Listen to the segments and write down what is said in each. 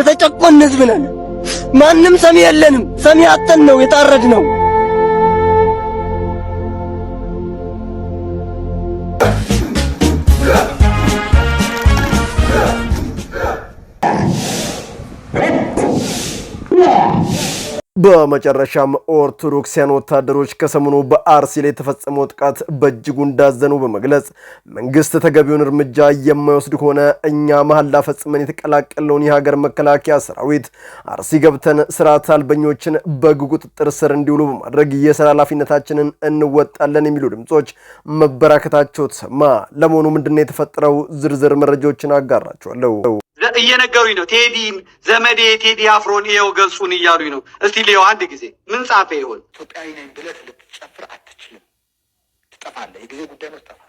የተጨቆን ህዝብ ነን። ማንም ሰሚ የለንም። ሰሚ አጥተን ነው የታረድ ነው። በመጨረሻም ኦርቶዶክሲያን ወታደሮች ከሰሞኑ በአርሲ ላይ የተፈጸመው ጥቃት በእጅጉ እንዳዘኑ በመግለጽ መንግስት ተገቢውን እርምጃ የማይወስድ ከሆነ እኛ መሐላ ፈጽመን የተቀላቀለውን የሀገር መከላከያ ሰራዊት አርሲ ገብተን ስርዓት አልበኞችን በግ ቁጥጥር ስር እንዲውሉ በማድረግ የስራ ኃላፊነታችንን እንወጣለን የሚሉ ድምጾች መበራከታቸው ተሰማ። ለመሆኑ ምንድነው የተፈጠረው? ዝርዝር መረጃዎችን አጋራቸዋለሁ። እየነገሩኝ ነው። ቴዲን ዘመዴ ቴዲ አፍሮን ይኸው ገጹን እያሉኝ ነው። እስቲ ሌው አንድ ጊዜ ምን ጻፈ ይሆን? ኢትዮጵያዊ ነኝ ብለህ ልትጨፍር አትችልም። ትጠፋለህ። የጊዜ ጉዳይ ነው። ትጠፋለህ።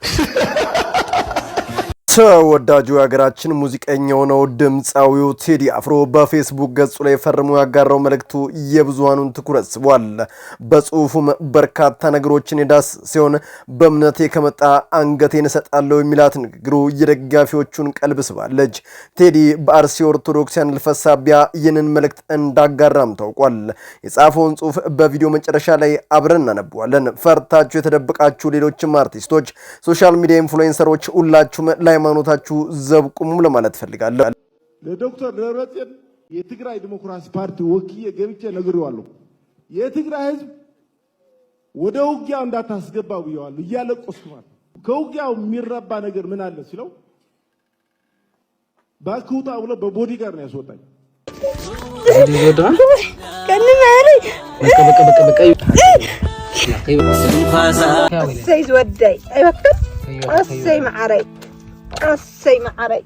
ተወዳጁ የሀገራችን ሙዚቀኛው ነው ድምፃዊው ቴዲ አፍሮ በፌስቡክ ገጹ ላይ ፈርሞ ያጋራው መልእክቱ የብዙሃኑን ትኩረት ስቧል። በጽሁፉም በርካታ ነገሮችን የዳስ ሲሆን በእምነቴ ከመጣ አንገቴን እሰጣለሁ የሚላት ንግግሩ የደጋፊዎቹን ቀልብ ስባለች። ቴዲ በአርሲ ኦርቶዶክሲያን ህልፈት ሳቢያ ይህንን መልእክት እንዳጋራም ታውቋል። የጻፈውን ጽሁፍ በቪዲዮ መጨረሻ ላይ አብረን እናነበዋለን። ፈርታችሁ የተደበቃችሁ ሌሎችም አርቲስቶች፣ ሶሻል ሚዲያ ኢንፍሉዌንሰሮች ሁላችሁም ላይ ሃይማኖታችሁ ዘብቁሙም ለማለት ፈልጋለሁ። ለዶክተር ደብረጽዮን የትግራይ ዲሞክራሲ ፓርቲ ወክዬ ገብቼ ነግሬዋለሁ። የትግራይ ህዝብ ወደ ውጊያው እንዳታስገባ ብየዋለሁ። እያለቆ ከውጊያው የሚረባ ነገር ምን አለ ሲለው ባክውጣ ብሎ በቦዲ ጋር ነው ያስወጣኝ። እሰይ ዝወዳይ ማዕረይ እሰይ ማዕረይ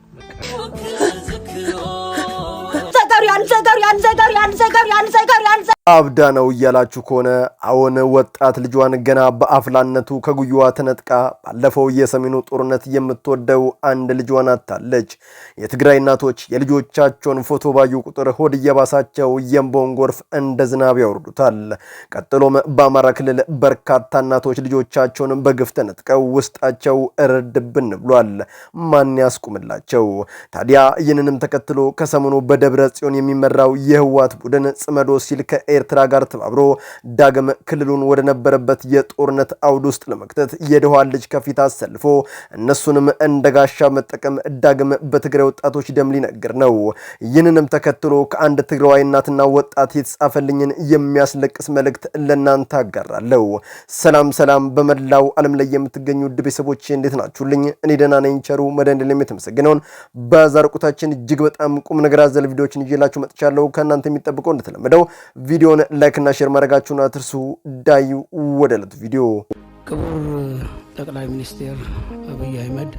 ዘገሩ ያን ዘገሩ ያን ዘገሩ ያን ያን አብዳ ነው እያላችሁ ከሆነ አሁን ወጣት ልጇን ገና በአፍላነቱ ከጉያዋ ተነጥቃ ባለፈው የሰሜኑ ጦርነት የምትወደው አንድ ልጇን አታለች። የትግራይ እናቶች የልጆቻቸውን ፎቶ ባዩ ቁጥር ሆድ እየባሳቸው የእንባውን ጎርፍ እንደ ዝናብ ያወርዱታል። ቀጥሎም በአማራ ክልል በርካታ እናቶች ልጆቻቸውን በግፍ ተነጥቀው ውስጣቸው እርድብን ብሏል። ማን ያስቁምላቸው ታዲያ? ይህንንም ተከትሎ ከሰሞኑ በደብረ ጽዮን የሚመራው የህዋት ቡድን ጽመዶ ሲል ከኤ ከኤርትራ ጋር ተባብሮ ዳግም ክልሉን ወደ ነበረበት የጦርነት አውድ ውስጥ ለመክተት የድሃዋን ልጅ ከፊት አሰልፎ እነሱንም እንደ ጋሻ መጠቀም ዳግም በትግራይ ወጣቶች ደም ሊነግር ነው። ይህንንም ተከትሎ ከአንድ ትግራዋይ እናትና ወጣት የተጻፈልኝን የሚያስለቅስ መልእክት ለእናንተ አጋራለሁ። ሰላም ሰላም፣ በመላው ዓለም ላይ የምትገኙ ውድ ቤተሰቦች እንዴት ናችሁልኝ? እኔ ደህና ነኝ። ቸሩ መድኃኔዓለም የተመሰገነውን። እጅግ በጣም ቁም ነገር አዘል ቪዲዮዎችን ይዤላችሁ መጥቻለሁ። ከእናንተ የሚጠብቀው እንደተለመደው ቪዲዮ ቪዲዮን ላይክና ሼር ማድረጋችሁን አትርሱ። ዳዩ ወደ ዕለቱ ቪዲዮ። ክቡር ጠቅላይ ሚኒስትር አብይ አህመድ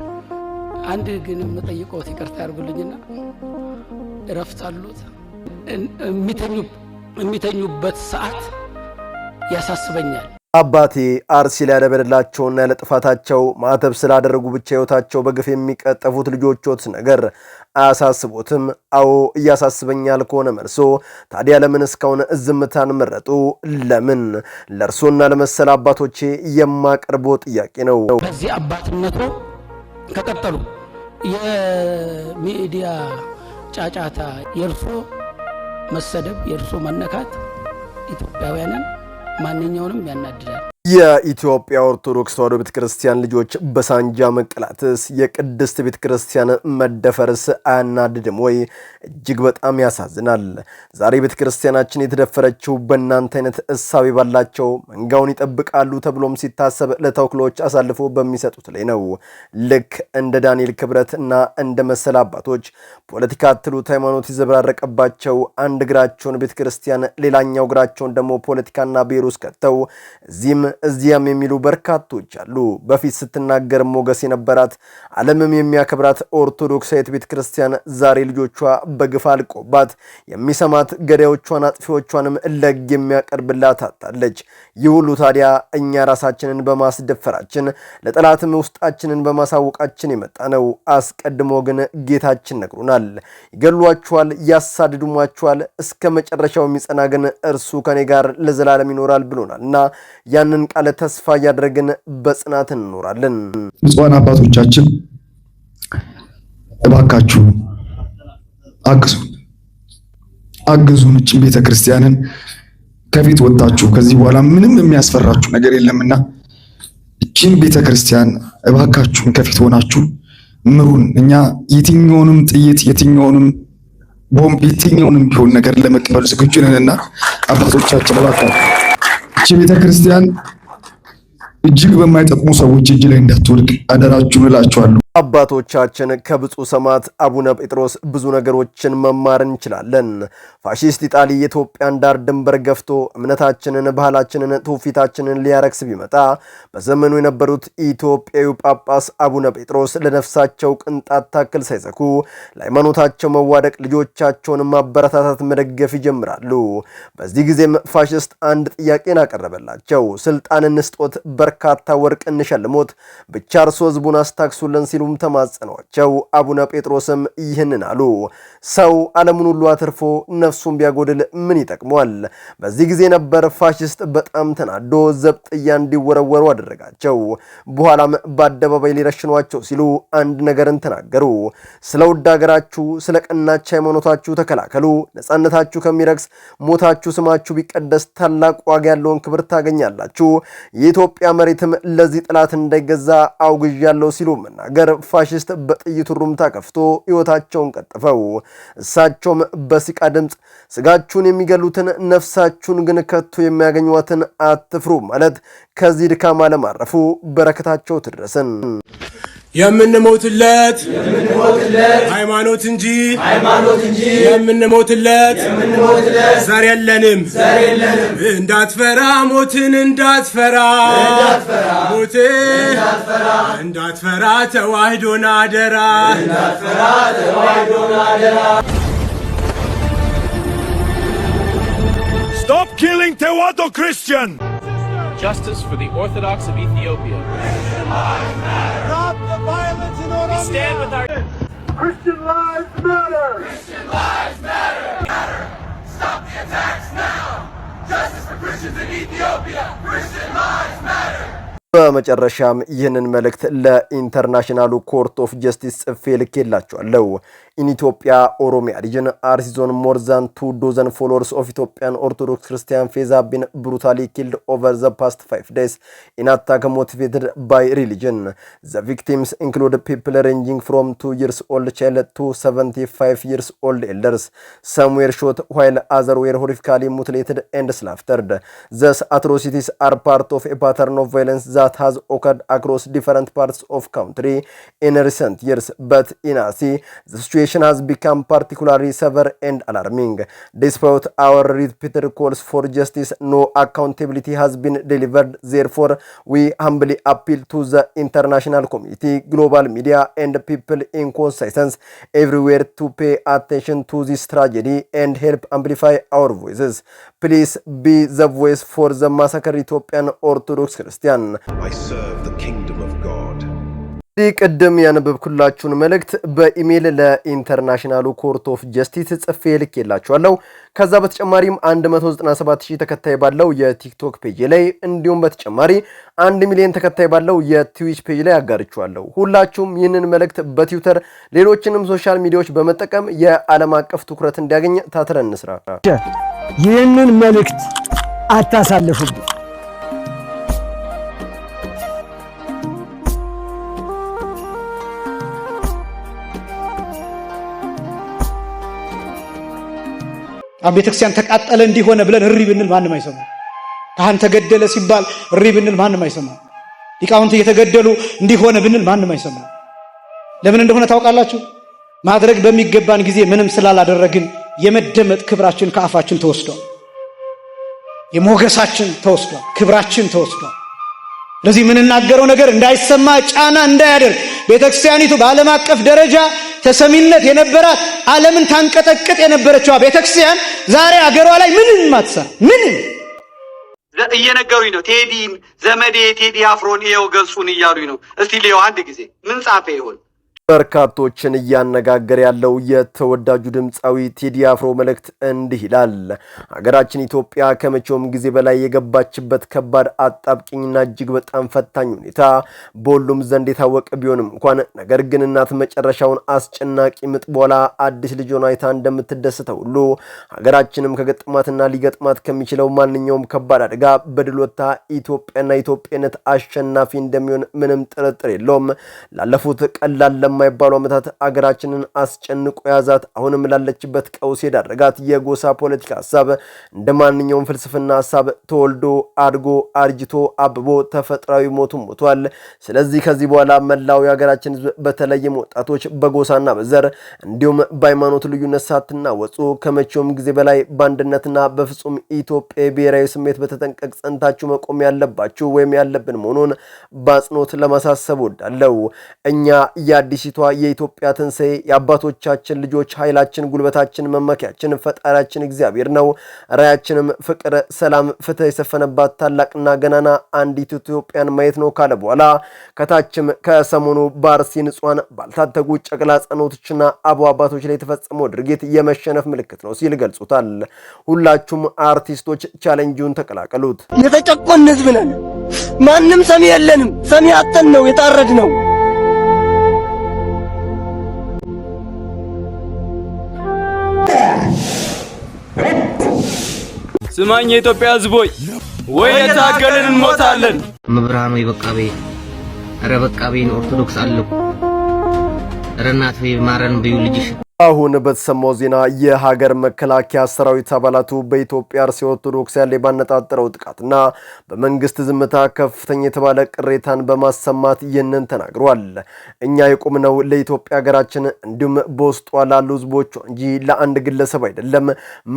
አንድ ግን የምጠይቀው ይቅርታ ያርጉልኝና እረፍት አሉት የሚተኙበት ሰዓት ያሳስበኛል። አባቴ አርሲ ላይ ያለጥፋታቸው ማተብ ስላደረጉ ብቻ ሕይወታቸው በግፍ የሚቀጠፉት ልጆቾት ነገር አያሳስቦትም? አዎ እያሳስበኛል ከሆነ መልሶ ታዲያ ለምን እስካሁን ዝምታን መረጡ? ለምን? ለእርሶና ለመሰል አባቶቼ የማቀርበው ጥያቄ ነው። በዚህ አባትነቱ ከቀጠሉ የሚዲያ ጫጫታ፣ የእርሶ መሰደብ፣ የእርሶ መነካት ኢትዮጵያውያንን ማንኛውንም ያናድዳል። የኢትዮጵያ ኦርቶዶክስ ተዋሕዶ ቤተ ክርስቲያን ልጆች በሳንጃ መቀላትስ የቅድስት ቤተ ክርስቲያን መደፈርስ አያናድድም ወይ? እጅግ በጣም ያሳዝናል። ዛሬ ቤተ ክርስቲያናችን የተደፈረችው በእናንተ አይነት እሳቤ ባላቸው መንጋውን ይጠብቃሉ ተብሎም ሲታሰብ ለተኩሎች አሳልፎ በሚሰጡት ላይ ነው። ልክ እንደ ዳንኤል ክብረት እና እንደ መሰል አባቶች ፖለቲካ አትሉት ሃይማኖት ይዘበራረቀባቸው አንድ እግራቸውን ቤተ ክርስቲያን፣ ሌላኛው እግራቸውን ደግሞ ፖለቲካና ብሔር ውስጥ ከተው እዚህም እዚያም የሚሉ በርካቶች አሉ። በፊት ስትናገር ሞገስ የነበራት ዓለምም የሚያከብራት ኦርቶዶክሳዊት ቤተ ክርስቲያን ዛሬ ልጆቿ በግፍ አልቆባት የሚሰማት ገዳዮቿን አጥፊዎቿንም ለግ የሚያቀርብላት አታለች። ይህ ሁሉ ታዲያ እኛ ራሳችንን በማስደፈራችን ለጠላትም ውስጣችንን በማሳወቃችን የመጣ ነው። አስቀድሞ ግን ጌታችን ነግሮናል። ይገሏችኋል፣ ያሳድዱሟችኋል፣ እስከ መጨረሻው የሚጸና ግን እርሱ ከኔ ጋር ለዘላለም ይኖራል ብሎናል እና ያንን ያሉንን ቃለ ተስፋ እያደረግን በጽናት እንኖራለን። ብፁዓን አባቶቻችን እባካችሁ አግዙ አግዙን እጭ ቤተ ክርስቲያንን ከፊት ወጣችሁ ከዚህ በኋላ ምንም የሚያስፈራችሁ ነገር የለምና እቺን ቤተ ክርስቲያን እባካችሁን ከፊት ሆናችሁ ምሩን። እኛ የትኛውንም ጥይት የትኛውንም ቦምብ የትኛውንም ቢሆን ነገር ለመቀበል ዝግጁ ነንና አባቶቻችን እባካችሁ እቺ ቤተ ክርስቲያን እጅግ በማይጠቅሙ ሰዎች እጅ ላይ እንዳትወድቅ አደራችሁን እላችኋለሁ። አባቶቻችን ከብፁዕ ሰማዕት አቡነ ጴጥሮስ ብዙ ነገሮችን መማር እንችላለን። ፋሺስት ኢጣሊ የኢትዮጵያን ዳር ድንበር ገፍቶ እምነታችንን፣ ባህላችንን፣ ትውፊታችንን ሊያረክስ ቢመጣ በዘመኑ የነበሩት ኢትዮጵያዊ ጳጳስ አቡነ ጴጥሮስ ለነፍሳቸው ቅንጣት ታክል ሳይዘኩ ለሃይማኖታቸው መዋደቅ ልጆቻቸውን ማበረታታት፣ መደገፍ ይጀምራሉ። በዚህ ጊዜም ፋሺስት አንድ ጥያቄን አቀረበላቸው። ስልጣን እንስጦት፣ በርካታ ወርቅ እንሸልሞት፣ ብቻ እርሶ ህዝቡን አስታክሱልን ሲሉም ተማጸኗቸው። አቡነ ጴጥሮስም ይህንን አሉ። ሰው ዓለሙን ሁሉ አትርፎ ነፍሱን ቢያጎድል ምን ይጠቅሟል? በዚህ ጊዜ ነበር ፋሽስት በጣም ተናዶ ዘብጥያ እንዲወረወሩ አደረጋቸው። በኋላም በአደባባይ ሊረሽኗቸው ሲሉ አንድ ነገርን ተናገሩ። ስለ ውድ ሀገራችሁ፣ ስለ ቀናች ሃይማኖታችሁ ተከላከሉ። ነፃነታችሁ ከሚረክስ ሞታችሁ ስማችሁ ቢቀደስ ታላቅ ዋጋ ያለውን ክብር ታገኛላችሁ። የኢትዮጵያ መሬትም ለዚህ ጠላት እንዳይገዛ አውግዣለሁ ሲሉ መናገር የሂትለር ፋሽስት በጥይት ሩምታ ከፍቶ ሕይወታቸውን ቀጥፈው እሳቸውም በሲቃ ድምፅ ስጋችሁን የሚገሉትን ነፍሳችሁን ግን ከቶ የሚያገኟትን አትፍሩ ማለት ከዚህ ድካም አለማረፉ በረከታቸው ትድረስን። የምንሞትለት ሃይማኖት እንጂ የምንሞትለት ዘር የለንም። እንዳትፈራ ሞትን እንዳትፈራ ሞትን እንዳትፈራ ተዋህዶን አደራ ስቶፕ ኪሊንግ ተዋህዶ ክርስቲያን justice for the Orthodox of Ethiopia. Stop the violence in Oromia. stand with our Christian lives matter. Christian lives matter. matter. Stop the attacks now. Justice for Christians in Ethiopia. Christian lives matter. በመጨረሻም ይህንን መልእክት ለኢንተርናሽናሉ ኮርት ኦፍ ጀስቲስ ጽፌ ልኬላችኋለሁ። ኢን ኢትዮጵያ ኦሮሚያ ሪጅን አርሲ ዞን ሞር ዛን ቱ ዶዘን ፎሎወርስ ኦፍ ኢትዮጵያን ኦርቶዶክስ ክርስቲያን ፌዛ ቢን ብሩታሊ ኪልድ ኦቨር ዘ ፓስት ፋይቭ ዴይስ ኢን አታክ ሞቲቬትድ ባይ ሪሊጅን ዘ ቪክቲምስ ኢንክሉድ ፒፕል ሬንጂንግ ፍሮም ቱ ይርስ ኦልድ ቻይልድ ቱ ሰቨንቲ ፋይቭ ይርስ ኦልድ ኤልደርስ ሰም ሾት ዋይል አዘር ዌር ሆሪፊካሊ ሙትሌትድ ኤንድ ስላፍተርድ ዘስ አትሮሲቲስ አር ፓርት ኦፍ ኤ ፓተርን ኦፍ ቫይለንስ ዛት ሃዝ ኦከርድ አክሮስ ዲፈረንት ፓርትስ ኦፍ ካውንትሪ ኢን ሪሰንት ይርስ በት ኢን አርሲ situation has become particularly severe and alarming. Despite our repeated calls for justice, no accountability has been delivered. Therefore, we humbly appeal to the international community, global media, and people in conscience everywhere to pay attention to this tragedy and help amplify our voices. Please be the voice for the massacred Ethiopian Orthodox Christian. I serve the kingdom ይህ ቅድም ያነበብኩላችሁን መልእክት በኢሜይል ለኢንተርናሽናሉ ኮርት ኦፍ ጀስቲስ ጽፌ ልኬላችኋለሁ። ከዛ በተጨማሪም 197000 ተከታይ ባለው የቲክቶክ ፔጅ ላይ እንዲሁም በተጨማሪ 1 ሚሊዮን ተከታይ ባለው የትዊች ፔጅ ላይ አጋርችኋለሁ። ሁላችሁም ይህንን መልእክት በትዊተር ሌሎችንም ሶሻል ሚዲያዎች በመጠቀም የዓለም አቀፍ ትኩረት እንዲያገኝ ታትረን እንስራ። ይህንን መልእክት አታሳልፉብን። አሁን ቤተክርስቲያን ተቃጠለ እንዲሆነ ብለን እሪ ብንል ማንም አይሰማ። ካህን ተገደለ ሲባል እሪ ብንል ማንም አይሰማ። ሊቃውንት እየተገደሉ እንዲሆነ ብንል ማንም አይሰማ። ለምን እንደሆነ ታውቃላችሁ? ማድረግ በሚገባን ጊዜ ምንም ስላላደረግን የመደመጥ ክብራችን ከአፋችን ተወስዷል። የሞገሳችን ተወስዷል። ክብራችን ተወስዷል። ስለዚህ የምንናገረው ነገር እንዳይሰማ ጫና እንዳያደርግ ቤተክርስቲያኒቱ በዓለም አቀፍ ደረጃ ተሰሚነት የነበራት ዓለምን ታንቀጠቅጥ የነበረችዋ ቤተክርስቲያን ዛሬ አገሯ ላይ ምንም አትሰራ። ምንም እየነገሩኝ ነው። ቴዲ ዘመዴ ቴዲ አፍሮን ይኸው ገጹን እያሉኝ ነው። እስቲ ሊየው አንድ ጊዜ ምን ጻፈ ይሆን? በርካቶችን እያነጋገረ ያለው የተወዳጁ ድምፃዊ ቴዲ አፍሮ መልእክት እንዲህ ይላል። ሀገራችን ኢትዮጵያ ከመቼውም ጊዜ በላይ የገባችበት ከባድ አጣብቂኝና እጅግ በጣም ፈታኝ ሁኔታ በሁሉም ዘንድ የታወቀ ቢሆንም እንኳን ነገር ግን እናት መጨረሻውን አስጨናቂ ምጥ በኋላ አዲስ ልጇን አይታ እንደምትደሰተው ሁሉ ሀገራችንም ከገጥማትና ሊገጥማት ከሚችለው ማንኛውም ከባድ አደጋ በድል ወጥታ ኢትዮጵያና ኢትዮጵያነት አሸናፊ እንደሚሆን ምንም ጥርጥር የለውም። ላለፉት ቀላል ለማይባሉ ዓመታት አገራችንን አስጨንቆ ያዛት አሁንም ላለችበት ቀውስ የዳረጋት የጎሳ ፖለቲካ ሀሳብ እንደ ማንኛውም ፍልስፍና ሀሳብ ተወልዶ አድጎ አርጅቶ አብቦ ተፈጥሯዊ ሞቱን ሞቷል። ስለዚህ ከዚህ በኋላ መላው የሀገራችን ህዝብ በተለይም ወጣቶች በጎሳና በዘር እንዲሁም በሃይማኖት ልዩነት ሳትናወጹ ከመቼውም ጊዜ በላይ በአንድነትና በፍጹም ኢትዮጵያ ብሔራዊ ስሜት በተጠንቀቅ ጸንታችሁ መቆም ያለባችሁ ወይም ያለብን መሆኑን በአጽንኦት ለማሳሰብ ወዳለው እኛ የአዲስ የአዲሲቷ የኢትዮጵያ ትንሣኤ የአባቶቻችን ልጆች ኃይላችን፣ ጉልበታችን፣ መመኪያችን ፈጣሪያችን እግዚአብሔር ነው። ራያችንም ፍቅር፣ ሰላም፣ ፍትህ የሰፈነባት ታላቅና ገናና አንዲት ኢትዮጵያን ማየት ነው ካለ በኋላ ከታችም ከሰሞኑ በአርሲ ንጹሐን ባልታተጉ ጨቅላ ጸኖቶችና አቦ አባቶች ላይ የተፈጸመው ድርጊት የመሸነፍ ምልክት ነው ሲል ገልጹታል። ሁላችሁም አርቲስቶች ቻለንጂውን ተቀላቀሉት። የተጨቆን ህዝብ ነን። ማንም ሰሚ የለንም። ሰሚ አጥተን ነው የታረድ ነው። ስማኝ የኢትዮጵያ ህዝቦች፣ ወይ የታገልን እንሞታለን። ወይ ይበቃቤ ኧረ በቃቤን ኦርቶዶክስ አለው ኧረ እናት ማረን ብዩ ልጅሽ አሁን በተሰማው ዜና የሀገር መከላከያ ሰራዊት አባላቱ በኢትዮጵያ አርሲ ኦርቶዶክሳውያን ላይ ባነጣጠረው ጥቃትና በመንግስት ዝምታ ከፍተኛ የተባለ ቅሬታን በማሰማት ይህንን ተናግሯል። እኛ የቆምነው ለኢትዮጵያ ሀገራችን እንዲሁም በውስጧ ላሉ ህዝቦቿ እንጂ ለአንድ ግለሰብ አይደለም።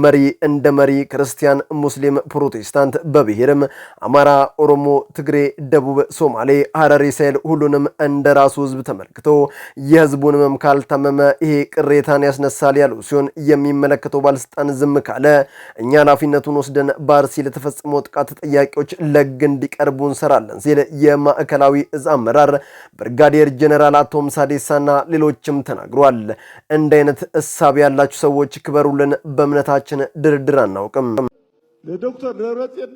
መሪ እንደ መሪ ክርስቲያን፣ ሙስሊም፣ ፕሮቴስታንት በብሔርም አማራ፣ ኦሮሞ፣ ትግሬ፣ ደቡብ፣ ሶማሌ፣ ሀረሪ ሳይል ሁሉንም እንደ ራሱ ህዝብ ተመልክቶ የህዝቡን መምካል ታመመ ይሄ ቅሬታ እልካን ያስነሳል ያሉ ሲሆን የሚመለከተው ባለስልጣን ዝም ካለ እኛ ኃላፊነቱን ወስደን በአርሲ ለተፈጸመው ጥቃት ተጠያቂዎች ለግ እንዲቀርቡ እንሰራለን ሲል የማዕከላዊ እዝ አመራር ብርጋዴር ጀነራል አቶም ሳዴሳና ሌሎችም ተናግሯል። እንደ አይነት እሳብ ያላችሁ ሰዎች ክበሩልን፣ በእምነታችን ድርድር አናውቅም። ለዶክተር ደብረጽዮን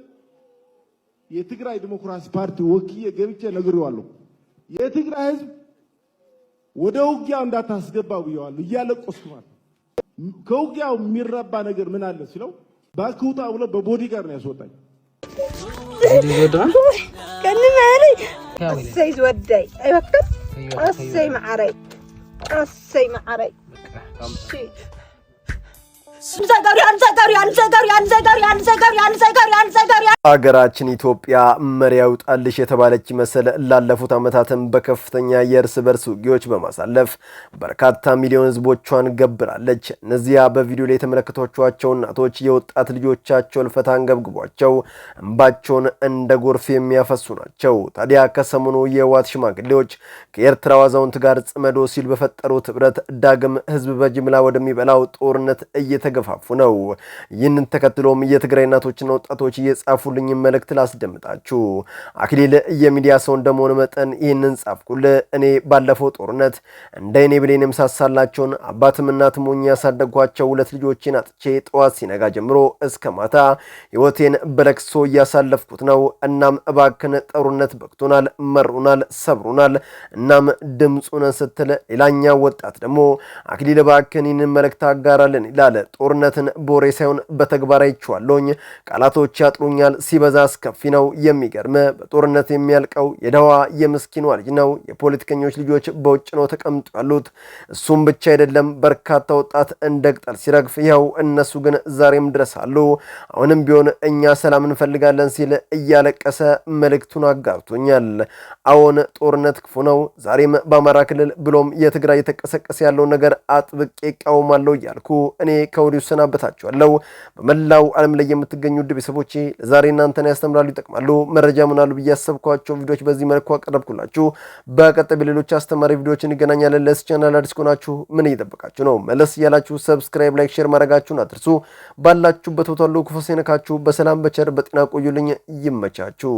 የትግራይ ዲሞክራሲ ፓርቲ ወክዬ ገብቼ ነግሬዋለሁ። የትግራይ ህዝብ ወደ ውጊያ እንዳታስገባው ብየዋለሁ። እያለቆስኩ ማለት ከውጊያው የሚረባ ነገር ምን አለ ሲለው ባክውጣ ብሎ በቦዲ ጋር ነው ያስወጣኝ። እሰይ ዝወዳይ እሰይ ማዕረይ እሰይ ማዕረይ አገራችን ኢትዮጵያ መሪ ያውጣልሽ የተባለች መሰል ላለፉት ዓመታትን በከፍተኛ የእርስ በርስ ውጊዎች በማሳለፍ በርካታ ሚሊዮን ህዝቦቿን ገብራለች። እነዚያ በቪዲዮ ላይ የተመለከቷቸው እናቶች የወጣት ልጆቻቸው እልፈት አንገብግቧቸው እንባቸውን እንደ ጎርፍ የሚያፈሱ ናቸው። ታዲያ ከሰሞኑ የህወሓት ሽማግሌዎች ከኤርትራ አዛውንት ጋር ጽመዶ ሲል በፈጠሩት ህብረት ዳግም ህዝብ በጅምላ ወደሚበላው ጦርነት እየተገፋፉ ነው። ይህንን ተከትሎም የትግራይ እናቶችና ወጣቶች እየጻፉ የላኩልኝም መልእክት ላስደምጣችሁ። አክሊል የሚዲያ ሰው እንደመሆን መጠን ይህንን ጻፍኩል። እኔ ባለፈው ጦርነት እንደ እኔ ብሌንም ሳሳላቸውን አባትም እናትም ሆኜ ያሳደግኳቸው ሁለት ልጆችን አጥቼ ጠዋት ሲነጋ ጀምሮ እስከ ማታ ህይወቴን በለቅሶ እያሳለፍኩት ነው። እናም እባክን ጦርነት በቅቶናል፣ መሩናል፣ ሰብሩናል። እናም ድምፁነን ስትል ሌላኛ ወጣት ደግሞ አክሊል እባክን ይህንን መልእክት አጋራልን ይላል። ጦርነትን በወሬ ሳይሆን በተግባር አይቼዋለሁኝ። ቃላቶች ያጥሩኛል፣ ሲበዛ አስከፊ ነው። የሚገርም በጦርነት የሚያልቀው የደዋ የምስኪኗ ልጅ ነው። የፖለቲከኞች ልጆች በውጭ ነው ተቀምጡ ያሉት። እሱም ብቻ አይደለም፣ በርካታ ወጣት እንደ ቅጠል ሲረግፍ፣ ይኸው እነሱ ግን ዛሬም ድረስ አሉ። አሁንም ቢሆን እኛ ሰላም እንፈልጋለን ሲል እያለቀሰ መልእክቱን አጋርቶኛል። አዎን ጦርነት ክፉ ነው። ዛሬም በአማራ ክልል ብሎም የትግራይ የተቀሰቀሰ ያለውን ነገር አጥብቄ እቃወማለሁ እያልኩ እኔ ከወዲሁ ሰናበታችኋለሁ። በመላው ዓለም ላይ የምትገኙ ውድ ቤተሰቦቼ ለዛሬ ዛሬ እናንተን ያስተምራሉ፣ ይጠቅማሉ፣ መረጃ ምናሉ ብዬ ያሰብኳቸው ቪዲዮዎች በዚህ መልኩ አቀረብኩላችሁ። በቀጣይ በሌሎች አስተማሪ ቪዲዮዎች እንገናኛለን። ለስ ቻናል አዲስ ከሆናችሁ ምን እየጠበቃችሁ ነው? መለስ እያላችሁ ሰብስክራይብ፣ ላይክ፣ ሼር ማድረጋችሁን አትርሱ። ባላችሁበት ቦታ ሁሉ ክፉ ሳይነካችሁ በሰላም በቸር በጤና ቆዩልኝ። ይመቻችሁ።